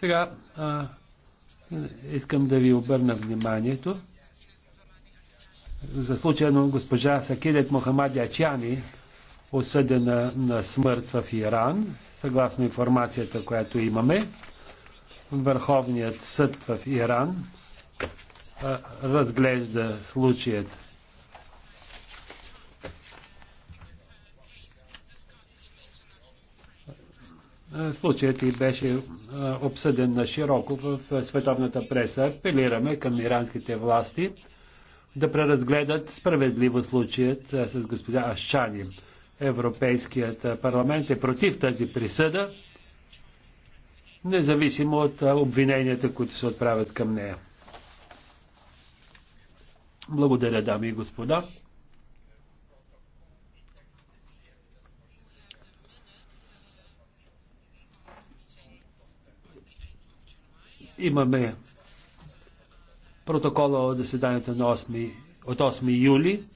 Сега а, искам да ви обърна вниманието за случай на госпожа Сакидет Мохамад Ячани, осъдена на смърт в Иран, съгласно информацията, която имаме. Върховният съд в Иран а, разглежда случаят Е, случаят и беше е, обсъден на широко в е, световната преса. Апелираме към иранските власти да преразгледат справедливо случаят с госпожа Ашчани. Европейският парламент е против тази присъда, независимо от обвиненията, които се отправят към нея. Благодаря, дами и господа. Имаме протокола от заседанието на 8, от 8 юли.